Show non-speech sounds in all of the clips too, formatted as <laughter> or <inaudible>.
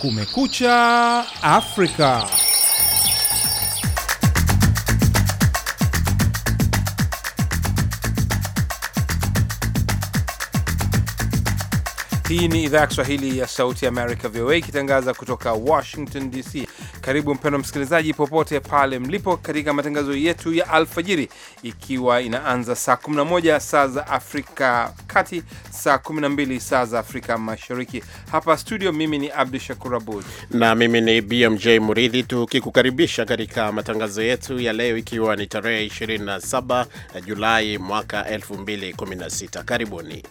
Kumekucha Afrika. Hii ni idhaa ya Kiswahili ya Sauti ya Amerika, VOA, ikitangaza kutoka Washington DC. Karibu mpendwa msikilizaji, popote pale mlipo, katika matangazo yetu ya alfajiri, ikiwa inaanza saa 11 saa za Afrika Kati, saa 12 saa za Afrika Mashariki. Hapa studio, mimi ni Abdu Shakur Abud na mimi ni BMJ Muridhi, tukikukaribisha katika matangazo yetu ya leo, ikiwa ni tarehe 27 Julai mwaka 2016. Karibuni.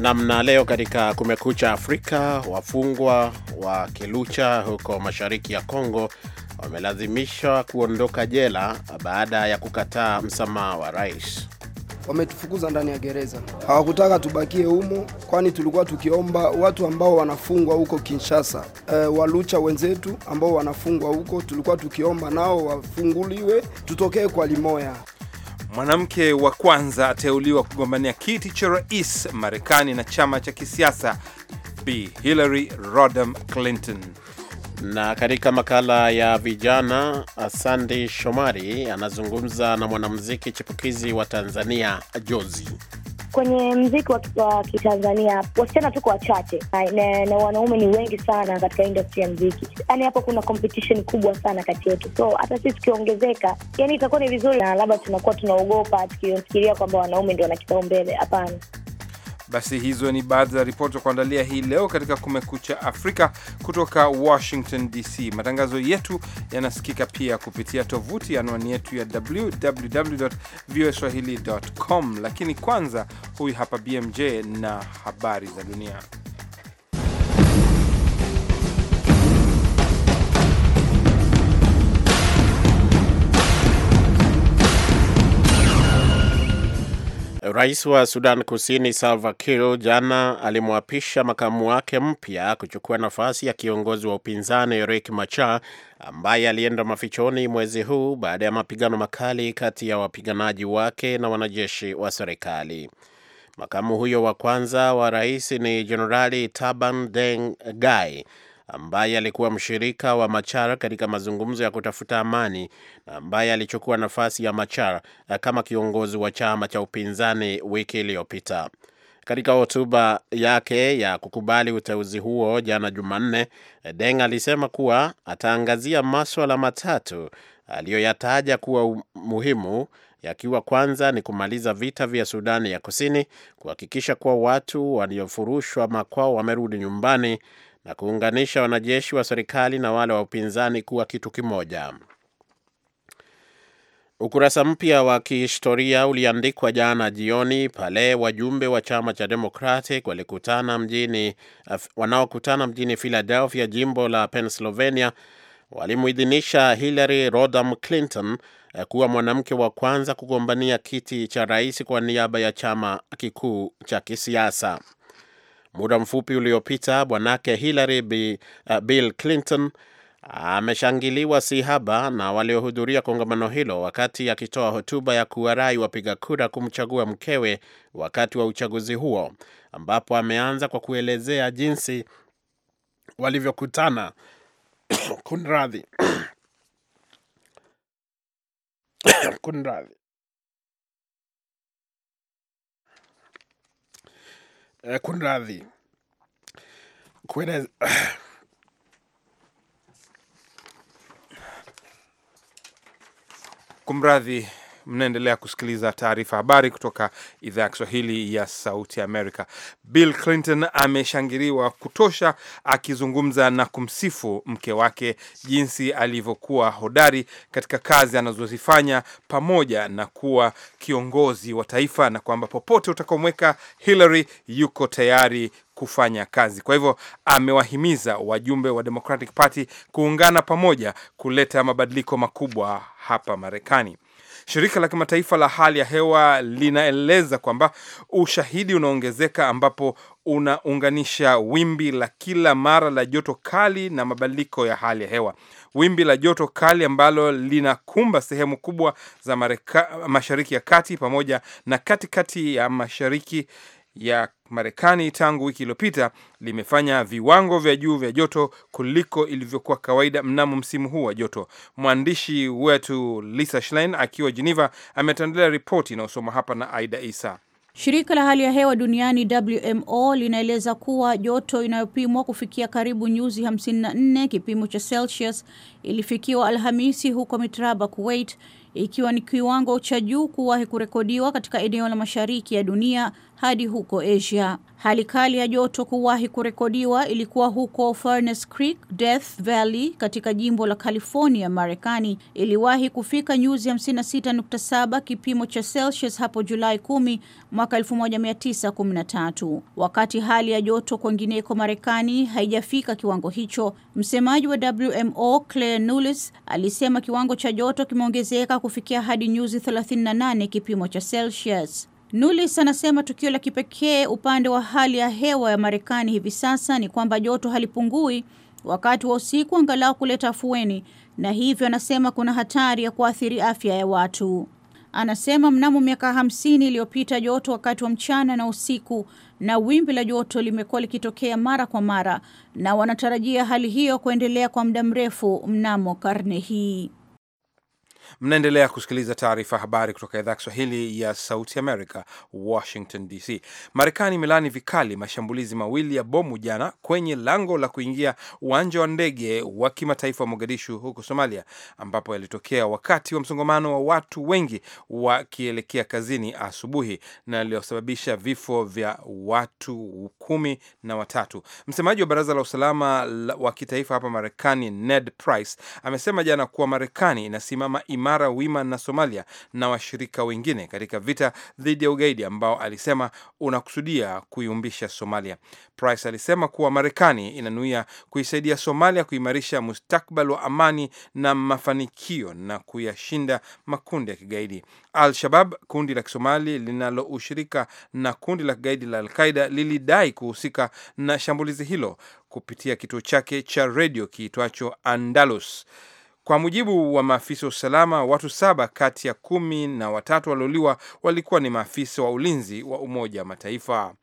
Namna leo katika Kumekucha Afrika, wafungwa wa Kilucha huko mashariki ya Kongo wamelazimishwa kuondoka jela baada ya kukataa msamaha wa rais. Wametufukuza ndani ya gereza, hawakutaka tubakie humo, kwani tulikuwa tukiomba watu ambao wanafungwa huko Kinshasa, e, eh, walucha wenzetu ambao wanafungwa huko, tulikuwa tukiomba nao wafunguliwe, tutokee kwa limoya. Mwanamke wa kwanza ateuliwa kugombania kiti cha rais Marekani na chama cha kisiasa Bi Hillary Rodham Clinton. Na katika makala ya vijana, Sandi Shomari anazungumza na mwanamuziki chipukizi wa Tanzania Jozi kwenye mziki wa, Kitanzania wasichana tuko wachache na, na wanaume ni wengi sana katika industry ya mziki. Yani hapo kuna competition kubwa sana kati yetu, so hata sisi tukiongezeka, yani itakuwa ni vizuri, na labda tunakuwa tunaogopa tukifikiria kwamba wanaume ndio wana kipaumbele. Hapana. Basi hizo ni baadhi ya ripoti za kuandalia hii leo katika Kumekucha Afrika kutoka Washington DC. Matangazo yetu yanasikika pia kupitia tovuti ya anwani yetu ya www voa swahili com, lakini kwanza, huyu hapa BMJ na habari za dunia. Rais wa Sudan Kusini Salva Kiir jana alimwapisha makamu wake mpya kuchukua nafasi ya kiongozi wa upinzani Riek Machar ambaye alienda mafichoni mwezi huu baada ya mapigano makali kati ya wapiganaji wake na wanajeshi wa serikali. Makamu huyo wa kwanza wa rais ni Jenerali Taban Deng Gai ambaye alikuwa mshirika wa Machar katika mazungumzo ya kutafuta amani na ambaye alichukua nafasi ya Machar eh, kama kiongozi wa chama cha upinzani wiki iliyopita. Katika hotuba yake ya kukubali uteuzi huo jana Jumanne, eh, Deng alisema kuwa ataangazia maswala matatu aliyoyataja kuwa muhimu, yakiwa kwanza ni kumaliza vita vya Sudani ya Kusini, kuhakikisha kuwa watu waliofurushwa makwao wamerudi nyumbani, na kuunganisha wanajeshi wa serikali na wale wa upinzani kuwa kitu kimoja. Ukurasa mpya wa kihistoria uliandikwa jana jioni pale wajumbe wa chama cha Democratic walikutana mjini, wanaokutana mjini Philadelphia, jimbo la Pennsylvania, walimuidhinisha Hillary Rodham Clinton eh, kuwa mwanamke wa kwanza kugombania kiti cha rais kwa niaba ya chama kikuu cha kisiasa. Muda mfupi uliopita bwanake Hillary B, uh, Bill Clinton ameshangiliwa si haba na waliohudhuria kongamano hilo wakati akitoa hotuba ya kuwarai wapiga kura kumchagua mkewe wakati wa uchaguzi huo, ambapo ameanza kwa kuelezea jinsi walivyokutana <coughs> kunradhi <coughs> kunradhi uh, eh, kunradhi kueleza <sighs> kumradhi Mnaendelea kusikiliza taarifa habari kutoka idhaa ya Kiswahili ya Sauti Amerika. Bill Clinton ameshangiliwa kutosha akizungumza na kumsifu mke wake jinsi alivyokuwa hodari katika kazi anazozifanya pamoja na kuwa kiongozi wa taifa, na kwamba popote utakaomweka Hillary yuko tayari kufanya kazi. Kwa hivyo amewahimiza wajumbe wa Democratic Party kuungana pamoja kuleta mabadiliko makubwa hapa Marekani. Shirika la kimataifa la hali ya hewa linaeleza kwamba ushahidi unaongezeka ambapo unaunganisha wimbi la kila mara la joto kali na mabadiliko ya hali ya hewa. Wimbi la joto kali ambalo linakumba sehemu kubwa za mareka, mashariki ya kati pamoja na katikati ya mashariki ya Marekani tangu wiki iliyopita limefanya viwango vya juu vya joto kuliko ilivyokuwa kawaida mnamo msimu huu wa joto. Mwandishi wetu Lisa Schlein akiwa Geneva ametandalia ripoti inayosoma hapa na Aida Isa. Shirika la hali ya hewa duniani WMO linaeleza kuwa joto inayopimwa kufikia karibu nyuzi 54 kipimo cha Celsius ilifikiwa Alhamisi huko Mitraba, Kuwait, ikiwa ni kiwango cha juu kuwahi kurekodiwa katika eneo la mashariki ya dunia hadi huko Asia. Hali kali ya joto kuwahi kurekodiwa ilikuwa huko Furnace Creek, Death Valley katika jimbo la California, Marekani. Iliwahi kufika nyuzi 56.7 kipimo cha Celsius hapo Julai 10 mwaka 1913. Wakati hali ya joto kwingineko Marekani haijafika kiwango hicho, msemaji wa WMO Claire Nulis alisema kiwango cha joto kimeongezeka kufikia hadi nyuzi 38 kipimo cha Celsius. Nulis anasema tukio la kipekee upande wa hali ya hewa ya Marekani hivi sasa ni kwamba joto halipungui wakati wa usiku angalau kuleta afueni, na hivyo anasema kuna hatari ya kuathiri afya ya watu. Anasema mnamo miaka hamsini iliyopita joto wakati wa mchana na usiku na wimbi la joto limekuwa likitokea mara kwa mara, na wanatarajia hali hiyo kuendelea kwa muda mrefu mnamo karne hii. Mnaendelea kusikiliza taarifa habari kutoka idhaa ya Kiswahili ya Sauti Amerika, Washington DC. Marekani imelaani vikali mashambulizi mawili ya bomu jana kwenye lango la kuingia uwanja wa ndege wa kimataifa wa Mogadishu huko Somalia, ambapo yalitokea wakati wa msongamano wa watu wengi wakielekea kazini asubuhi na yaliyosababisha vifo vya watu kumi na watatu. Msemaji wa baraza la usalama wa kitaifa hapa Marekani, Ned Price, amesema jana kuwa Marekani inasimama imara wima na Somalia na washirika wengine katika vita dhidi ya ugaidi ambao alisema unakusudia kuiumbisha Somalia. Price alisema kuwa Marekani inanuia kuisaidia Somalia kuimarisha mustakbal wa amani na mafanikio na kuyashinda makundi ya kigaidi. Al-Shabab, kundi la Kisomali linaloushirika na kundi la kigaidi la Al-Qaida, lilidai kuhusika na shambulizi hilo kupitia kituo chake cha redio kiitwacho Andalus. Kwa mujibu wa maafisa wa usalama, watu saba kati ya kumi na watatu waliouliwa walikuwa ni maafisa wa ulinzi wa Umoja wa Mataifa.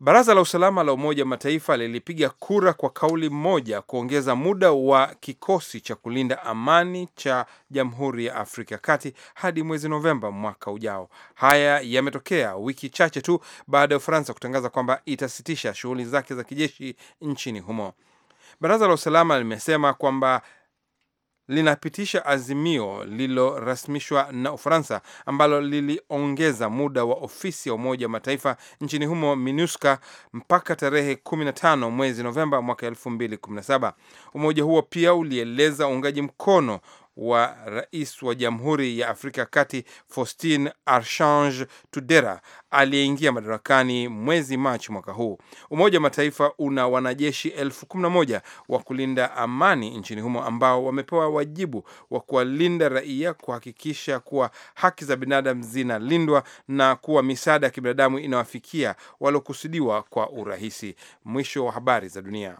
Baraza la usalama la Umoja wa Mataifa lilipiga kura kwa kauli moja kuongeza muda wa kikosi cha kulinda amani cha Jamhuri ya Afrika ya Kati hadi mwezi Novemba mwaka ujao. Haya yametokea wiki chache tu baada ya Ufaransa kutangaza kwamba itasitisha shughuli zake za kijeshi nchini humo. Baraza la usalama limesema kwamba linapitisha azimio lililorasmishwa na Ufaransa ambalo liliongeza muda wa ofisi ya Umoja wa Mataifa nchini humo MINUSCA mpaka tarehe 15 mwezi Novemba mwaka 2017. Umoja huo pia ulieleza uungaji mkono wa rais wa Jamhuri ya Afrika Kati Faustin Archange Tudera aliyeingia madarakani mwezi Machi mwaka huu. Umoja wa Mataifa una wanajeshi elfu kumi na moja wa kulinda amani nchini humo ambao wamepewa wajibu wa kuwalinda raia, kuhakikisha kuwa haki za binadamu zinalindwa na kuwa misaada ya kibinadamu inawafikia waliokusudiwa kwa urahisi. Mwisho wa habari za dunia.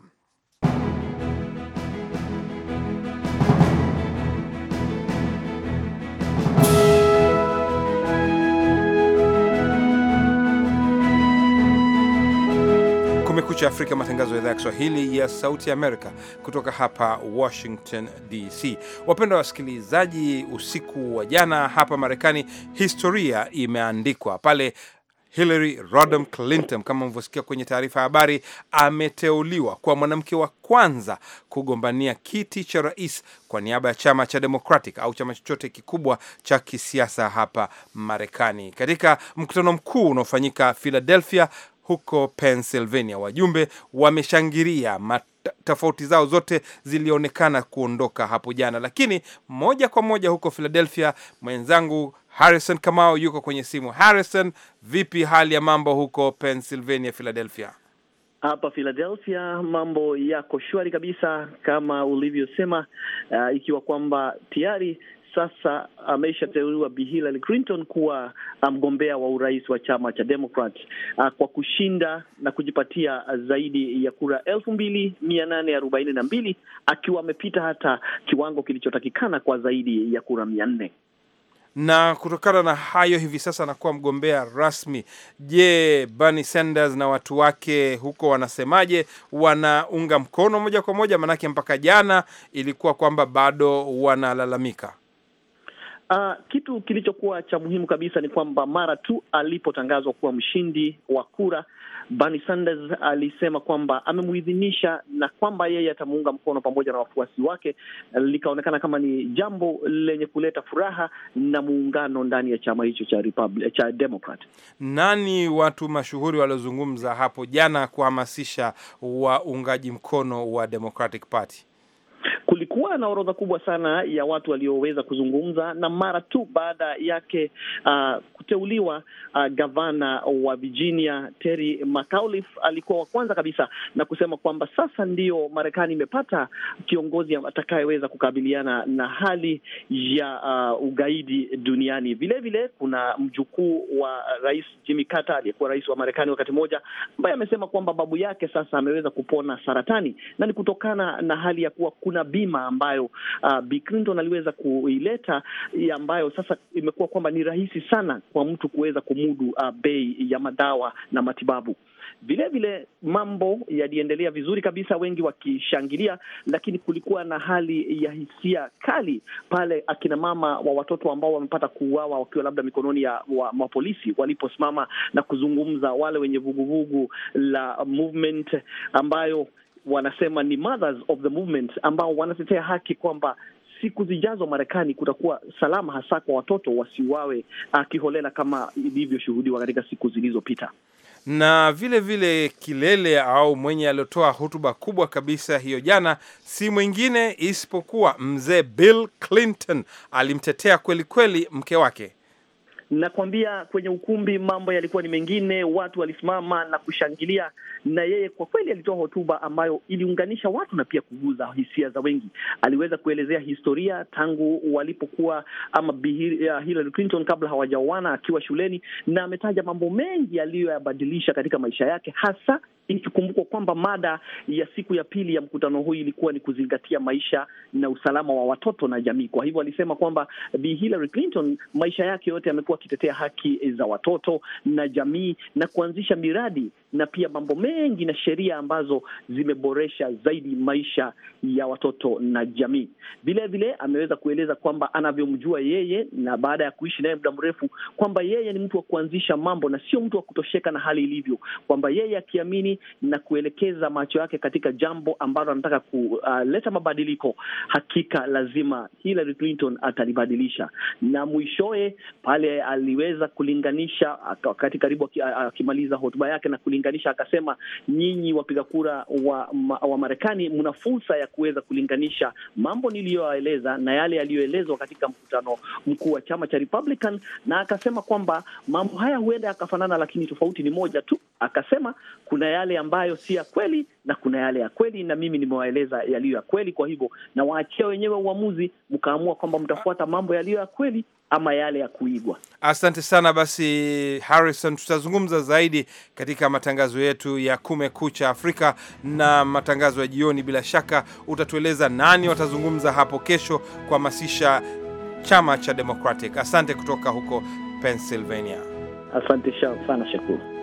Kumekucha Afrika, matangazo ya idhaa ya Kiswahili ya Sauti Amerika kutoka hapa Washington DC. Wapenda wasikilizaji, usiku wa jana hapa Marekani historia imeandikwa pale Hillary Rodham Clinton kama mlivyosikia kwenye taarifa ya habari, ameteuliwa kwa mwanamke wa kwanza kugombania kiti cha rais kwa niaba ya chama cha Democratic au chama chochote kikubwa cha kisiasa hapa Marekani, katika mkutano mkuu unaofanyika Philadelphia huko Pennsylvania. Wajumbe wameshangilia tofauti zao zote zilionekana kuondoka hapo jana, lakini moja kwa moja huko Philadelphia, mwenzangu Harrison Kamau yuko kwenye simu. Harrison, vipi hali ya mambo huko Pennsylvania, Philadelphia? Hapa Philadelphia mambo yako shwari kabisa kama ulivyosema, uh, ikiwa kwamba tayari sasa ameshateuliwa Bi Hillary Clinton kuwa uh, mgombea wa urais wa chama cha Democrat uh, kwa kushinda na kujipatia zaidi ya kura elfu mbili mia nane arobaini na mbili akiwa amepita hata kiwango kilichotakikana kwa zaidi ya kura mia nne na kutokana na hayo hivi sasa anakuwa mgombea rasmi. Je, Bernie Sanders na watu wake huko wanasemaje? Wanaunga mkono moja kwa moja? Maanake mpaka jana ilikuwa kwamba bado wanalalamika. Uh, kitu kilichokuwa cha muhimu kabisa ni kwamba mara tu alipotangazwa kuwa mshindi wa kura, Bernie Sanders alisema kwamba amemuidhinisha na kwamba yeye atamuunga mkono pamoja na wafuasi wake. Likaonekana kama ni jambo lenye kuleta furaha na muungano ndani ya chama hicho cha Republic, cha Democrat. Nani watu mashuhuri waliozungumza hapo jana kuhamasisha waungaji mkono wa Democratic Party? kulikuwa na orodha kubwa sana ya watu walioweza kuzungumza, na mara tu baada yake uh, kuteuliwa uh, gavana wa Virginia Terry McAuliffe alikuwa wa kwanza kabisa na kusema kwamba sasa ndiyo Marekani imepata kiongozi atakayeweza kukabiliana na hali ya uh, ugaidi duniani. Vilevile vile, kuna mjukuu wa rais Jimmy Carter aliyekuwa rais wa Marekani wakati mmoja, ambaye amesema kwamba babu yake sasa ameweza kupona saratani na ni kutokana na hali ya kuwa kuna dhima ambayo uh, Bi Clinton aliweza kuileta ambayo sasa imekuwa kwamba ni rahisi sana kwa mtu kuweza kumudu uh, bei ya madawa na matibabu. Vilevile mambo yaliendelea vizuri kabisa, wengi wakishangilia, lakini kulikuwa na hali ya hisia kali pale akina mama wa watoto ambao wamepata kuuawa wakiwa labda mikononi ya wa, wa polisi waliposimama na kuzungumza, wale wenye vuguvugu la movement ambayo wanasema ni mothers of the movement ambao wanatetea haki kwamba siku zijazo Marekani kutakuwa salama, hasa kwa watoto wasiwawe uh, kiholela kama ilivyoshuhudiwa katika siku zilizopita. Na vile vile kilele au mwenye aliotoa hotuba kubwa kabisa hiyo jana si mwingine isipokuwa mzee Bill Clinton. Alimtetea kweli kweli mke wake Nakwambia, kwenye ukumbi mambo yalikuwa ni mengine, watu walisimama na kushangilia, na yeye kwa kweli alitoa hotuba ambayo iliunganisha watu na pia kuguza hisia za wengi. Aliweza kuelezea historia tangu walipokuwa ama Hillary Clinton kabla hawajaoana, akiwa shuleni, na ametaja mambo mengi aliyoyabadilisha katika maisha yake hasa ikikumbukwa kwamba mada ya siku ya pili ya mkutano huu ilikuwa ni kuzingatia maisha na usalama wa watoto na jamii. Kwa hivyo alisema kwamba Bi Hillary Clinton maisha yake yote amekuwa akitetea haki za watoto na jamii na kuanzisha miradi na pia mambo mengi na sheria ambazo zimeboresha zaidi maisha ya watoto na jamii. Vilevile ameweza kueleza kwamba anavyomjua yeye na baada ya kuishi naye muda mrefu, kwamba yeye ni mtu wa kuanzisha mambo na sio mtu wa kutosheka na hali ilivyo, kwamba yeye akiamini na kuelekeza macho yake katika jambo ambalo anataka kuleta uh, mabadiliko, hakika lazima Hillary Clinton atalibadilisha. Na mwishowe pale aliweza kulinganisha wakati karibu akimaliza hotuba yake na kulinganisha, akasema nyinyi wapiga kura wa, ma, wa Marekani mna fursa ya kuweza kulinganisha mambo niliyoeleza na yale yaliyoelezwa katika mkutano mkuu wa chama cha Republican, na akasema kwamba mambo haya huenda yakafanana, lakini tofauti ni moja tu. Akasema kuna yale yale ambayo si ya kweli na kuna yale ya kweli, na mimi nimewaeleza yaliyo ya kweli. Kwa hivyo nawaachia wenyewe uamuzi, mkaamua kwamba mtafuata mambo yaliyo ya kweli ama yale ya kuigwa. Asante sana. Basi Harrison, tutazungumza zaidi katika matangazo yetu ya Kumekucha Afrika na matangazo ya jioni. Bila shaka utatueleza nani watazungumza hapo kesho kuhamasisha chama cha Democratic. Asante kutoka huko Pennsylvania. Asante sana Shakuru.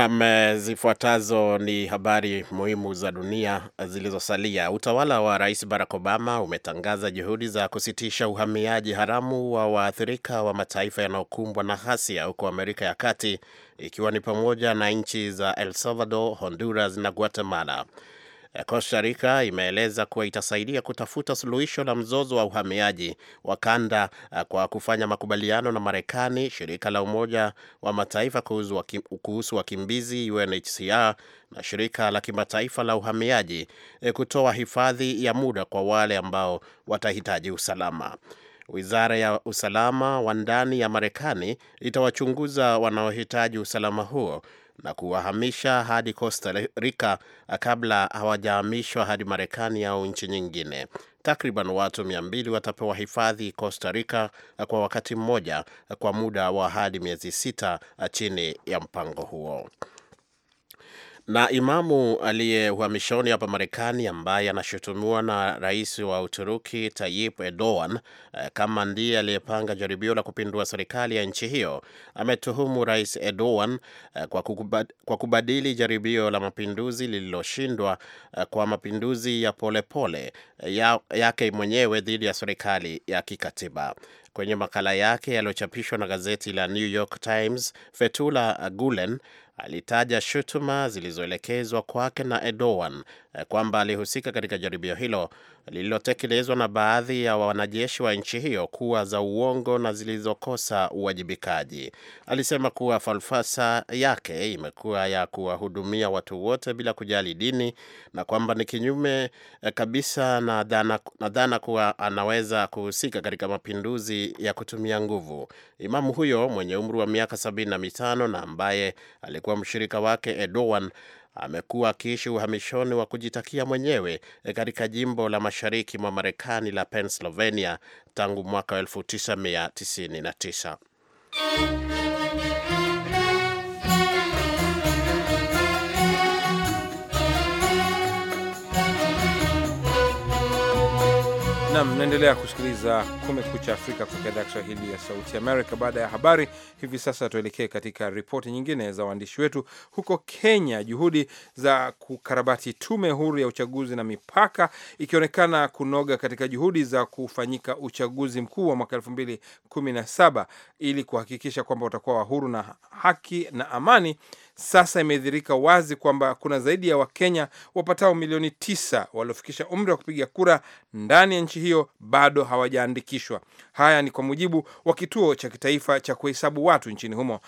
Nam, eh, zifuatazo ni habari muhimu za dunia zilizosalia. Utawala wa Rais Barack Obama umetangaza juhudi za kusitisha uhamiaji haramu wa waathirika wa mataifa yanayokumbwa na ghasia huko Amerika ya Kati, ikiwa ni pamoja na nchi za El Salvador, Honduras na Guatemala. Eh, Costa Rica imeeleza kuwa itasaidia kutafuta suluhisho la mzozo wa uhamiaji wa kanda eh, kwa kufanya makubaliano na Marekani, shirika la Umoja wa Mataifa kuhusu wakimbizi UNHCR na shirika la kimataifa la uhamiaji eh, kutoa hifadhi ya muda kwa wale ambao watahitaji usalama. Wizara ya usalama wa ndani ya Marekani itawachunguza wanaohitaji usalama huo na kuwahamisha hadi Costa Rica kabla hawajahamishwa hadi Marekani au nchi nyingine. Takriban watu mia2 watapewa hifadhi Costa Rica kwa wakati mmoja kwa muda wa hadi miezi sita chini ya mpango huo. Na imamu aliye uhamishoni hapa Marekani ambaye anashutumiwa na rais wa Uturuki Tayyip Erdogan eh, kama ndiye aliyepanga jaribio la kupindua serikali ya nchi hiyo ametuhumu rais Erdogan eh, kwa kubadili jaribio la mapinduzi lililoshindwa eh, kwa mapinduzi ya polepole yake ya mwenyewe dhidi ya serikali ya kikatiba. Kwenye makala yake yaliyochapishwa na gazeti la New York Times, Fethullah Gulen alitaja shutuma zilizoelekezwa kwake na Erdogan eh, kwamba alihusika katika jaribio hilo lililotekelezwa na baadhi ya wanajeshi wa nchi hiyo kuwa za uongo na zilizokosa uwajibikaji. Alisema kuwa falsafa yake imekuwa ya kuwahudumia watu wote bila kujali dini na kwamba ni kinyume eh, kabisa na dhana, na dhana kuwa anaweza kuhusika katika mapinduzi ya kutumia nguvu. Imamu huyo mwenye umri wa miaka 75 na ambaye alikuwa mshirika wake Erdogan amekuwa akiishi uhamishoni wa kujitakia mwenyewe eh, katika jimbo la mashariki mwa Marekani la Pennsylvania tangu mwaka 1999. na mnaendelea kusikiliza Kumekucha Afrika kutoka idhaa ya Kiswahili ya Sauti Amerika. Baada ya habari hivi sasa, tuelekee katika ripoti nyingine za waandishi wetu huko Kenya. Juhudi za kukarabati tume huru ya uchaguzi na mipaka ikionekana kunoga katika juhudi za kufanyika uchaguzi mkuu wa mwaka saba ili kuhakikisha kwamba utakuwa wa huru na haki na amani sasa imedhirika wazi kwamba kuna zaidi ya Wakenya wapatao milioni tisa waliofikisha umri wa kupiga kura ndani ya nchi hiyo bado hawajaandikishwa. Haya ni kwa mujibu wa kituo cha kitaifa cha kuhesabu watu nchini humo.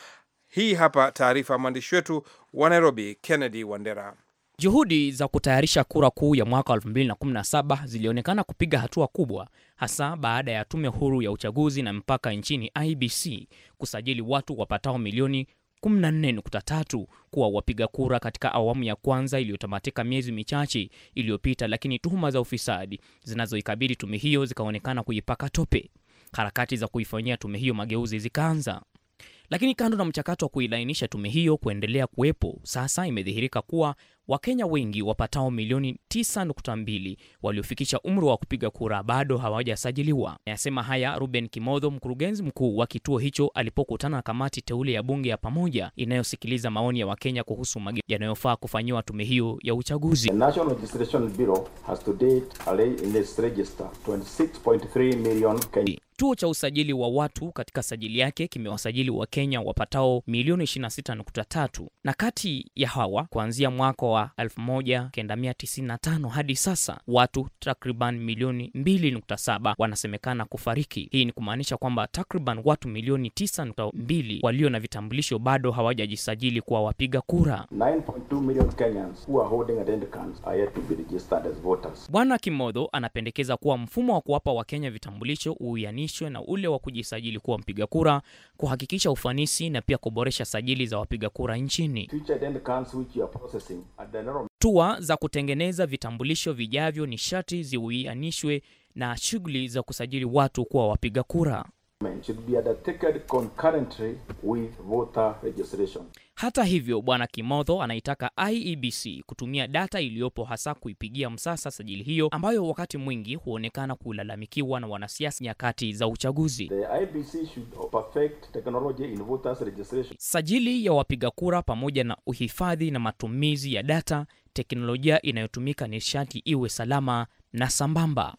Hii hapa taarifa ya mwandishi wetu wa Nairobi, Kennedy Wandera. Juhudi za kutayarisha kura kuu ya mwaka 2017 zilionekana kupiga hatua kubwa, hasa baada ya tume huru ya uchaguzi na mpaka nchini IBC kusajili watu wapatao milioni 14.3 kuwa wapiga kura katika awamu ya kwanza iliyotamatika miezi michache iliyopita, lakini tuhuma za ufisadi zinazoikabili tume hiyo zikaonekana kuipaka tope. Harakati za kuifanyia tume hiyo mageuzi zikaanza. Lakini kando na mchakato wa kuilainisha tume hiyo kuendelea kuwepo, sasa imedhihirika kuwa Wakenya wengi wapatao milioni 9.2 waliofikisha umri wa kupiga kura bado hawajasajiliwa. Anasema haya Ruben Kimodho, mkurugenzi mkuu wa kituo hicho, alipokutana na kamati teule ya bunge ya pamoja inayosikiliza maoni ya Wakenya kuhusu mageuzi yanayofaa kufanyiwa tume hiyo ya uchaguzi. The National Registration Bureau has to date register 26.3 million Kenyans. Kituo cha usajili wa watu katika sajili yake kimewasajili Wakenya wapatao milioni 26.3 na kati ya hawa kuanzia mwaka wa 1995 hadi sasa watu takriban milioni 2.7 wanasemekana kufariki. Hii ni kumaanisha kwamba takriban watu milioni 9.2 walio na vitambulisho bado hawajajisajili kuwa wapiga kura. Bwana Kimodho anapendekeza kuwa mfumo wa kuwapa Wakenya vitambulisho uwianishe ulinganishwe na ule wa kujisajili kuwa mpiga kura, kuhakikisha ufanisi na pia kuboresha sajili za wapiga kura nchini. Hatua za kutengeneza vitambulisho vijavyo ni sharti ziwianishwe na shughuli za kusajili watu kuwa wapiga kura should be undertaken concurrently with voter registration. Hata hivyo, Bwana kimodho anaitaka IEBC kutumia data iliyopo hasa kuipigia msasa sajili hiyo ambayo wakati mwingi huonekana kulalamikiwa na wanasiasa nyakati za uchaguzi. The IEBC should perfect technology in voters registration. Sajili ya wapiga kura pamoja na uhifadhi na matumizi ya data, teknolojia inayotumika nishati iwe salama na sambamba.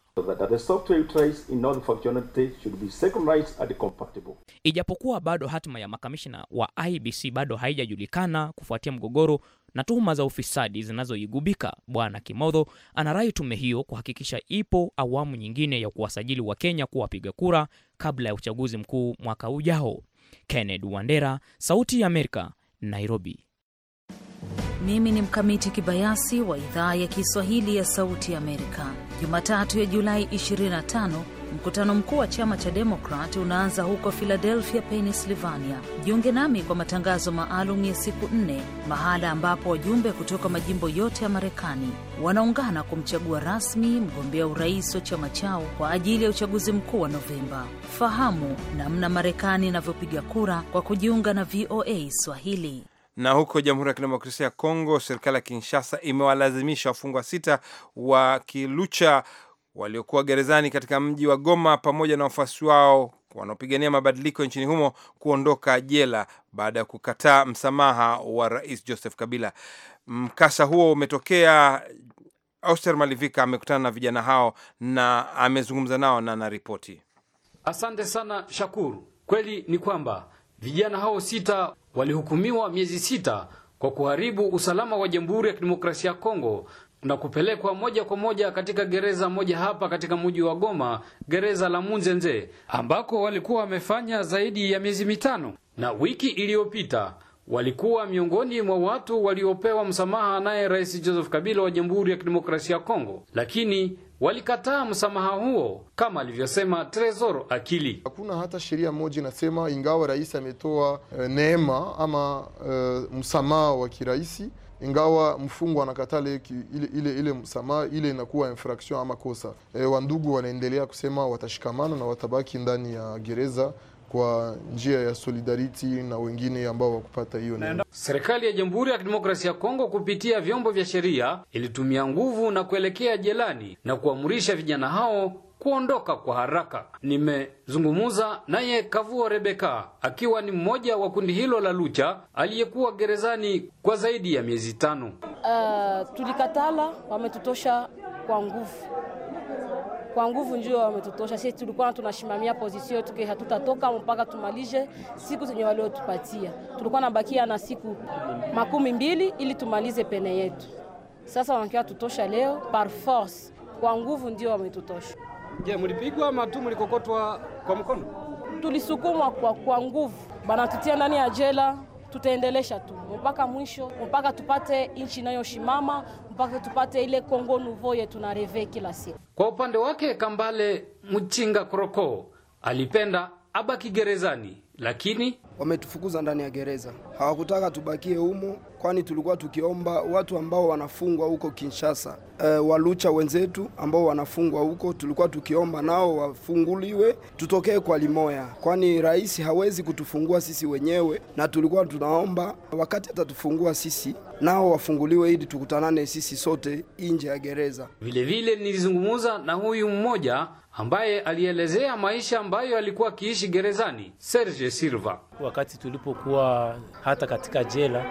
Ijapokuwa bado hatima ya makamishina wa IBC bado haijajulikana kufuatia mgogoro na tuhuma za ufisadi zinazoigubika, Bwana Kimodho anarai tume hiyo kuhakikisha ipo awamu nyingine ya kuwasajili Wakenya kuwa wapiga kura kabla ya uchaguzi mkuu mwaka ujao. Kenneth Wandera, Sauti ya Amerika, Nairobi. Mimi ni Mkamiti Kibayasi wa idhaa ya Kiswahili ya Sauti ya Amerika. Jumatatu ya Julai 25 mkutano mkuu wa chama cha Demokrat unaanza huko Philadelphia, Pennsylvania. Jiunge nami kwa matangazo maalum ya siku nne, mahala ambapo wajumbe kutoka majimbo yote ya Marekani wanaungana kumchagua rasmi mgombea urais wa chama chao kwa ajili ya uchaguzi mkuu wa Novemba. Fahamu namna Marekani inavyopiga kura kwa kujiunga na VOA Swahili. Na huko Jamhuri ya Kidemokrasia ya Kongo, serikali ya Kinshasa imewalazimisha wafungwa sita wa Kilucha waliokuwa gerezani katika mji wa Goma pamoja na wafuasi wao wanaopigania mabadiliko nchini humo kuondoka jela baada ya kukataa msamaha wa Rais Joseph Kabila. Mkasa huo umetokea. Auster Malivika amekutana na vijana hao na amezungumza nao na anaripoti. Asante sana Shakuru. Kweli ni kwamba Vijana hao sita walihukumiwa miezi sita kwa kuharibu usalama wa Jamhuri ya Kidemokrasia ya Kongo na kupelekwa moja kwa moja katika gereza moja hapa katika mji wa Goma, gereza la Munzenze ambako walikuwa wamefanya zaidi ya miezi mitano, na wiki iliyopita walikuwa miongoni mwa watu waliopewa msamaha naye Rais Joseph Kabila wa Jamhuri ya Kidemokrasia ya Kongo, lakini walikataa msamaha huo, kama alivyosema Tresor Akili. Hakuna hata sheria moja inasema, ingawa rais ametoa e, neema ama e, msamaha wa kiraisi ingawa mfungwa anakatale ile, ile, ile msamaha ile inakuwa infraction ama kosa. E, wandugu wanaendelea kusema watashikamana na watabaki ndani ya gereza kwa njia ya solidarity na wengine ambao wakupata hiyo neema. Serikali ya Jamhuri ya Kidemokrasia ya Kongo kupitia vyombo vya sheria ilitumia nguvu na kuelekea jelani na kuamrisha vijana hao kuondoka kwa haraka. Nimezungumza naye Kavuo Rebeka akiwa ni mmoja wa kundi hilo la Lucha aliyekuwa gerezani kwa zaidi ya miezi tano. Uh, tulikatala, wametutosha kwa nguvu kwa nguvu ndio wametutosha sisi. Tulikuwa tunashimamia position yetu, hatutatoka mpaka tumalize siku zenye waliotupatia. Tulikuwa nabakia na siku makumi mbili ili tumalize pene yetu. Sasa wanakiwa tutosha leo par force, kwa nguvu ndio wametutosha. Je, mlipigwa matu, mlikokotwa kwa mkono? Tulisukumwa kwa, kwa nguvu, banatutia ndani ya jela tutaendelesha tu mpaka mwisho, mpaka tupate nchi inayoshimama, mpaka tupate ile Kongo nouveau yetu na reve kila siku. Kwa upande wake Kambale Mchinga Kroko alipenda abaki gerezani lakini wametufukuza ndani ya gereza. Hawakutaka tubakie humo, kwani tulikuwa tukiomba watu ambao wanafungwa huko Kinshasa, e, walucha wenzetu ambao wanafungwa huko, tulikuwa tukiomba nao wafunguliwe, tutokee kwa limoya, kwani rais hawezi kutufungua sisi wenyewe, na tulikuwa tunaomba wakati atatufungua sisi nao wafunguliwe, ili tukutanane sisi sote nje ya gereza. Vilevile nilizungumza na huyu mmoja ambaye alielezea maisha ambayo alikuwa akiishi gerezani. Serge Silva: wakati tulipokuwa hata katika jela,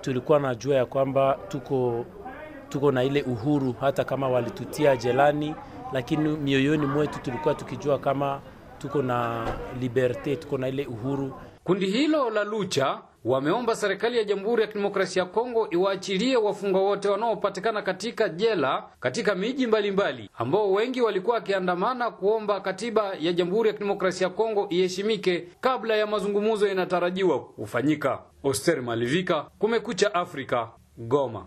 tulikuwa na jua ya kwamba tuko tuko na ile uhuru, hata kama walitutia jelani, lakini mioyoni mwetu tulikuwa tukijua kama tuko na liberte, tuko na ile uhuru. Kundi hilo la Lucha wameomba serikali ya Jamhuri ya Kidemokrasia ya Kongo iwaachilie wafungwa wote wanaopatikana katika jela katika miji mbalimbali, ambao wengi walikuwa wakiandamana kuomba katiba ya Jamhuri ya Kidemokrasia ya Kongo iheshimike kabla ya mazungumzo yanatarajiwa kufanyika. Oster Malivika, Kumekucha Afrika, Goma.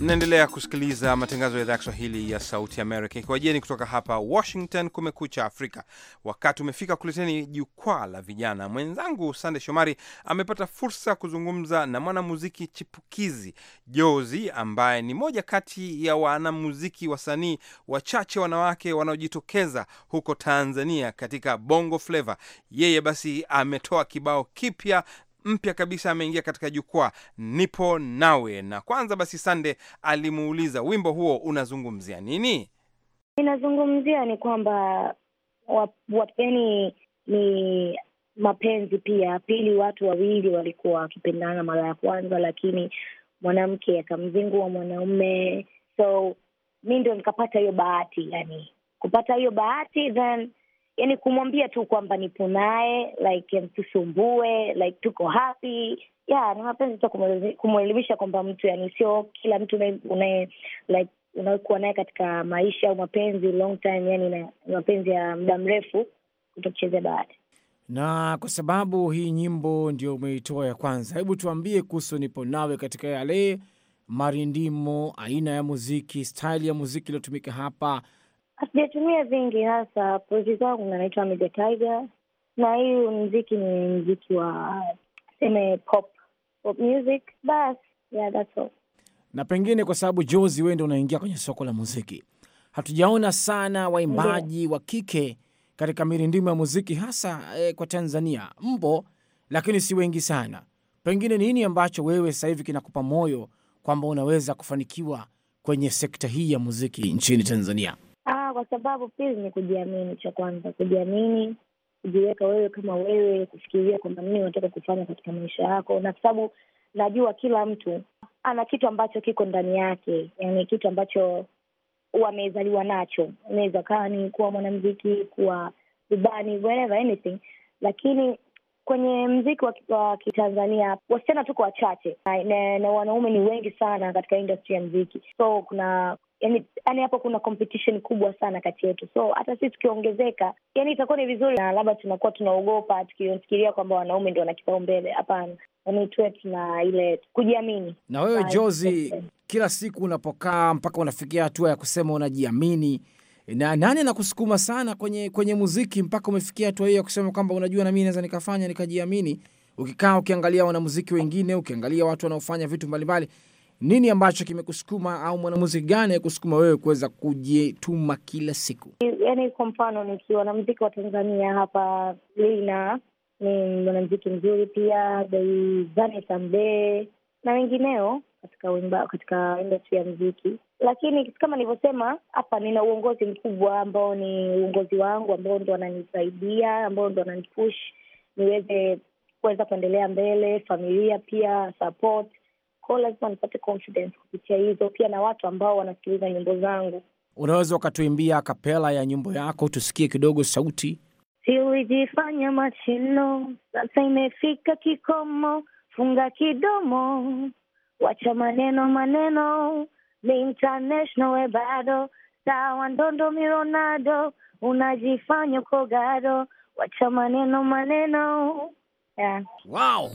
Mnaendelea kusikiliza matangazo ya idhaa ya Kiswahili ya Sauti Amerika ikiwajeni kutoka hapa Washington. Kumekucha Afrika, wakati umefika kuleteni jukwaa la vijana. Mwenzangu Sande Shomari amepata fursa ya kuzungumza na mwanamuziki chipukizi Jozi, ambaye ni moja kati ya wanamuziki wasanii wachache wanawake wanaojitokeza huko Tanzania katika bongo fleva. Yeye basi ametoa kibao kipya mpya kabisa ameingia katika jukwaa, nipo nawe. Na kwanza basi, Sande alimuuliza wimbo huo unazungumzia nini? Inazungumzia ni kwamba wapeni ni mapenzi pia. Pili, watu wawili walikuwa wakipendana mara ya kwanza, lakini mwanamke akamzingua mwanaume, so mi ndo nikapata hiyo bahati, yani kupata hiyo bahati then yani kumwambia tu kwamba nipo naye like msisumbue, like tuko happy yeah. Ni mapenzi tu kumwelimisha kwamba mtu yani sio kila mtu unaye like naye katika maisha au mapenzi long time, yani na mapenzi ya muda mrefu kutokuchezea bahati. Na kwa sababu hii nyimbo ndio umeitoa ya kwanza, hebu tuambie kuhusu nipo nawe katika yale marindimo, aina ya muziki, staili ya muziki iliyotumika hapa Hatujatumia vingi hasa. Proji zangu nanaitwa Meja Tiger, na hii mziki ni mziki wa seme pop, pop music bas. Yeah, that's all. Na pengine kwa sababu Jozi, wewe ndio unaingia kwenye soko la muziki, hatujaona sana waimbaji yeah, wa kike katika mirindimo ya muziki hasa eh, kwa Tanzania mpo, lakini si wengi sana. Pengine nini ambacho wewe sasa hivi kinakupa moyo kwamba unaweza kufanikiwa kwenye sekta hii ya muziki nchini Tanzania? kwa sababu pili ni kujiamini. Cha kwanza kujiamini, kujiweka wewe kama wewe, kufikiria kwamba nini unataka kufanya katika maisha yako, na kwa sababu najua kila mtu ana kitu ambacho kiko ndani yake, yani kitu ambacho wamezaliwa nacho. Unaweza kaa ni kuwa mwanamziki, kuwa rubani, whatever anything, lakini kwenye mziki wa, wa Kitanzania wasichana tuko wachache na, na, na wanaume ni wengi sana katika industry ya mziki, so kuna yani, yani hapo kuna competition kubwa sana kati yetu, so hata sisi tukiongezeka, yani itakuwa ni vizuri, na labda tunakuwa tunaogopa tukifikiria kwamba wanaume ndio wana kipaumbele. Hapana, yani tuwe tuna ile kujiamini. Na wewe Jozi, kila siku unapokaa mpaka unafikia hatua ya kusema unajiamini na nani anakusukuma sana kwenye kwenye muziki mpaka umefikia hatua hiyo ya kusema kwamba unajua, na mimi naweza nikafanya nikajiamini? Ukikaa ukiangalia wanamuziki wengine, ukiangalia watu wanaofanya vitu mbalimbali, nini ambacho kimekusukuma au mwanamuziki gani kusukuma wewe kuweza kujituma kila siku? Yaani, kwa mfano nikiwa na mziki wa Tanzania hapa, Lina ni mwanamziki mzuri pia, Zane Sambe na wengineo katika wimba, katika industry ya mziki. Lakini kama nilivyosema hapa, nina uongozi mkubwa ambao ni uongozi wangu ambao ndo wananisaidia, ambao ndo wananipush niweze kuweza kuendelea mbele, familia pia support kwao, lazima nipate confidence kupitia hizo, pia na watu ambao wanasikiliza nyimbo zangu. Unaweza ukatuimbia kapela ya nyimbo yako tusikie kidogo sauti? siulijifanya machino, sasa imefika kikomo, funga kidomo, wacha maneno maneno, ni international we bado sawa, ndondo mironado, unajifanya kogado wacha maneno maneno, yeah. wow.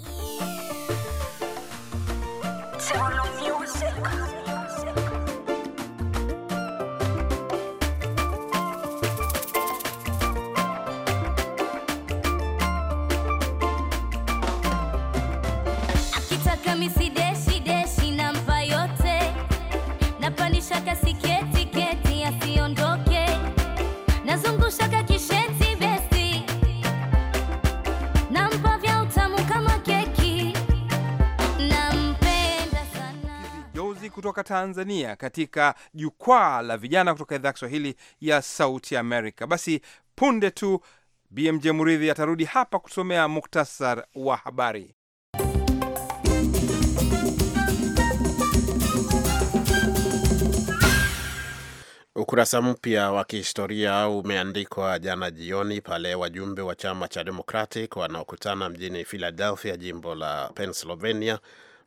It's music. kutoka Tanzania katika jukwaa la vijana kutoka idhaa ya Kiswahili ya Sauti Amerika. Basi punde tu BMJ Muridhi atarudi hapa kusomea muktasar wa habari. Ukurasa mpya wa kihistoria umeandikwa jana jioni pale wajumbe wa chama cha Democratic wanaokutana mjini Philadelphia, jimbo la Pennsylvania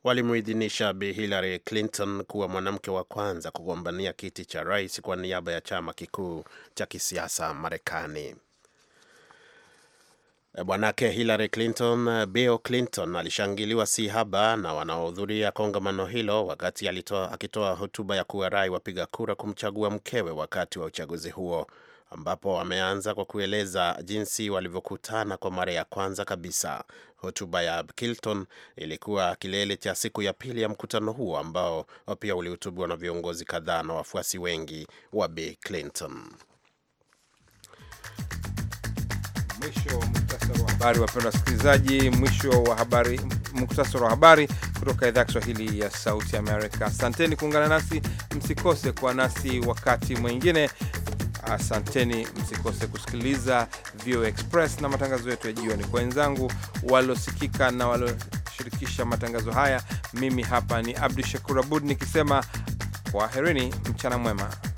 walimuidhinisha Bi Hillary Clinton kuwa mwanamke wa kwanza kugombania kiti cha rais kwa niaba ya chama kikuu cha kisiasa Marekani. Bwanake Hillary Clinton, Bill Clinton, alishangiliwa si haba na wanaohudhuria kongamano hilo wakati alitoa, akitoa hotuba ya kuwarai wapiga kura kumchagua mkewe wakati wa uchaguzi huo ambapo wameanza kwa kueleza jinsi walivyokutana kwa mara ya kwanza kabisa. Hotuba ya Clinton ilikuwa kilele cha siku ya pili ya mkutano huo ambao pia ulihutubiwa na viongozi kadhaa na wafuasi wengi wa Bi Clinton. Mwisho wa muktasari wa habari, wapendwa wasikilizaji. Mwisho wa habari, muktasari wa habari kutoka idhaa ya Kiswahili ya Sauti Amerika. Asanteni kuungana nasi, msikose kuwa nasi wakati mwingine Asanteni, msikose kusikiliza VOA Express na matangazo yetu ya jioni. Kwa wenzangu waliosikika na walioshirikisha matangazo haya, mimi hapa ni Abdu Shakur Abud nikisema kwaherini, mchana mwema.